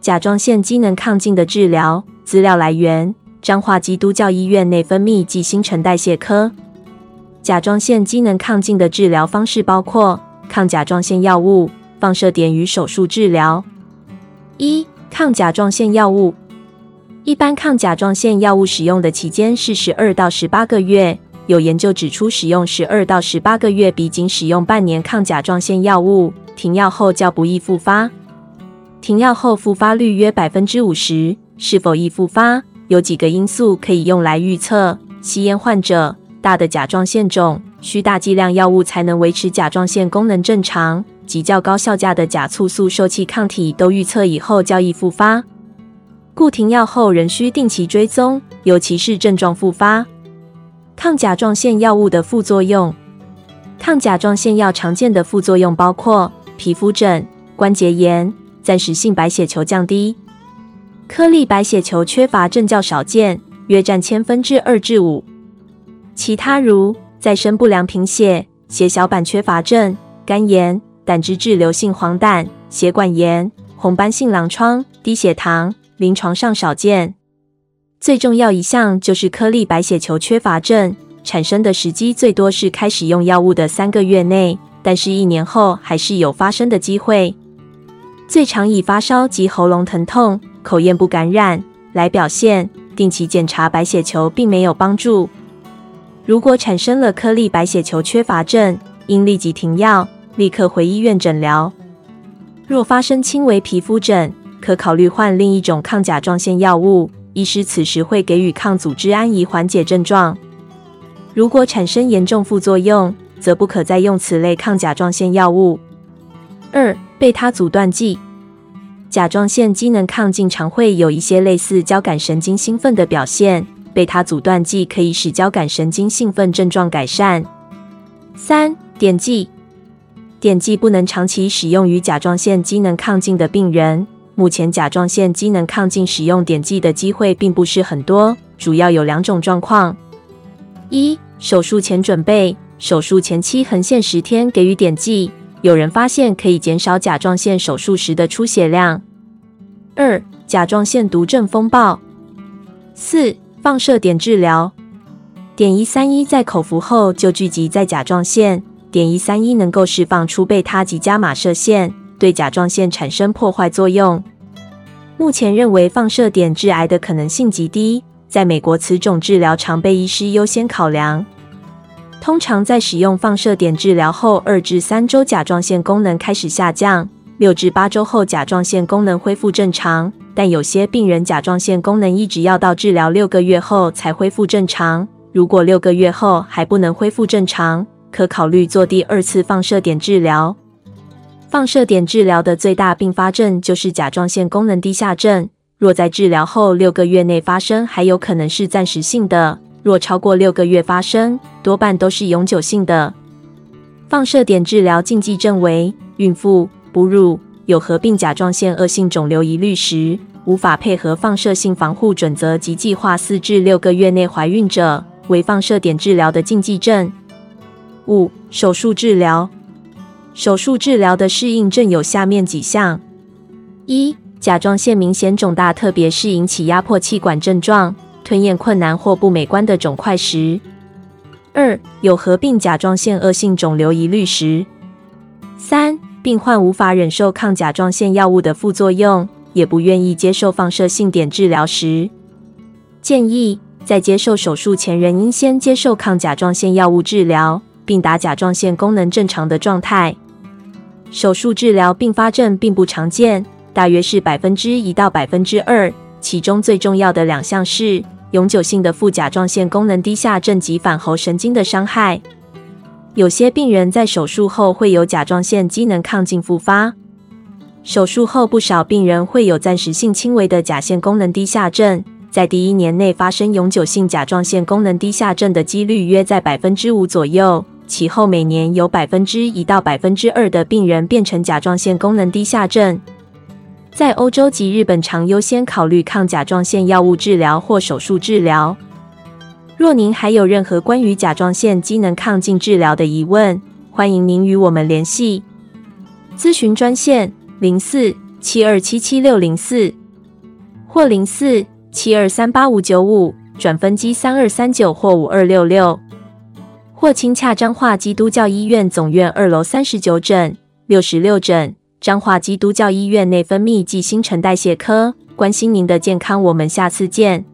甲狀腺機能亢進的治療資料來源：彰化基督教醫院內分泌暨新陳代謝科。甲狀腺機能亢進的治療方式包括抗甲狀腺藥物、放射碘與手術治療。一、抗甲狀腺藥物。一般抗甲狀腺藥物使用的期間是十二到十八個月。有研究指出，使用十二到十八個月比僅使用半年抗甲狀腺藥物停藥後較不易復發。停藥後復發率約百分之五十，是否易復發？有幾個因素可以用來預測：吸煙患者、大的甲狀腺腫、需大劑量藥物才能維持甲狀腺功能正常及較高效價的甲促素受器抗體，都預測以後較易復發。故停藥後仍需定期追蹤，尤其是症狀復發。抗甲狀腺藥，藥物的副作用，抗甲狀腺藥常見的副作用包括皮膚疹、關節炎。暫時性白血球降低，顆粒白血球缺乏症較少見，約占千分之二至五。其他如再生不良貧血、血小板缺乏症、肝炎、膽汁滯留性黃疸、血管炎、紅斑性狼瘡、低血糖，臨床上少見。最重要一項就是顆粒白血球缺乏症，產生的時機最多是開始用藥物的三個月內，但是一年後還是有發生的機會。最常以發燒及喉嚨疼痛、口咽部感染來表現。定期檢查白血球並沒有幫助。如果產生了顆粒白血球缺乏症，應立即停藥，立刻回醫院診療。若發生輕微皮膚疹，可考慮換另一種抗甲狀腺藥物。醫師此時會給予抗組織胺以緩解症狀。如果產生嚴重副作用，則不可再用此類抗甲狀腺藥物。二、貝塔阻斷劑。甲狀腺機能亢進常會有一些類似交感神經興奮的表現，貝塔阻斷劑可以使交感神經興奮症狀改善。三、碘劑。碘劑不能長期使用於甲狀腺機能亢進的病人。目前甲狀腺機能亢進使用碘劑的機會並不是很多，主要有兩種狀況：一、手術前準備。手術前期橫線十天給予碘劑。有人發現可以減少甲狀腺手術時的出血量。二、甲狀腺毒症風暴。四、放射碘治療。碘一三一在口服後就聚集在甲狀腺，碘一三一能夠釋放出貝塔及伽馬射線，對甲狀腺產生破壞作用。目前認為放射碘致癌的可能性極低，在美國此種治療常被醫師優先考量。通常在使用放射碘治療後二至三周，甲狀腺功能開始下降；六至八周後，甲狀腺功能恢復正常。但有些病人甲狀腺功能一直要到治療六個月後才恢復正常。如果六個月後還不能恢復正常，可考慮做第二次放射碘治療。放射碘治療的最大併發症就是甲狀腺功能低下症，若在治療後六個月內發生，還有可能是暫時性的。若超過六個月發生，多半都是永久性的。放射碘治療禁忌症為孕婦、哺乳、有合併甲狀腺惡性腫瘤疑慮時，無法配合放射性防護準則及計劃四至六個月內懷孕者為放射碘治療的禁忌症。五、手術治療。手術治療的適應症有下面幾項：一、甲狀腺明顯腫大，特別是引起壓迫氣管症狀，吞嚥困難或不美觀的腫塊時，二、有合併甲狀腺惡性腫瘤疑慮時，三、病患無法忍受抗甲狀腺藥物的副作用，也不願意接受放射性碘治療時，建議在接受手術前仍應先接受抗甲狀腺藥物治療，並達甲狀腺功能正常的狀態。手術治療併發症並不常見，大約是百分之一到百分之二，其中最重要的兩項是。永久性的副甲狀腺功能低下症及返喉神經的傷害。有些病人在手術後會有甲狀腺機能亢進複發。手術後不少病人會有暫時性輕微的甲腺功能低下症，在第一年內發生永久性甲狀腺功能低下症的幾率約在百分之五左右，其後每年有百分之一到百分之二的病人變成甲狀腺功能低下症。在歐洲及日本，常優先考慮抗甲狀腺藥物治療或手術治療。若您還有任何關於甲狀腺機能亢進治療的疑問，歡迎您與我們聯繫。諮詢專線：零四七二七七六零四或零四七二三八五九五轉分機三二三九或五二六六，或親洽彰化基督教醫院總院二樓三十九診、六十六診。彰化基督教醫院內分泌暨新陳代謝科關心您的健康，我們下次見。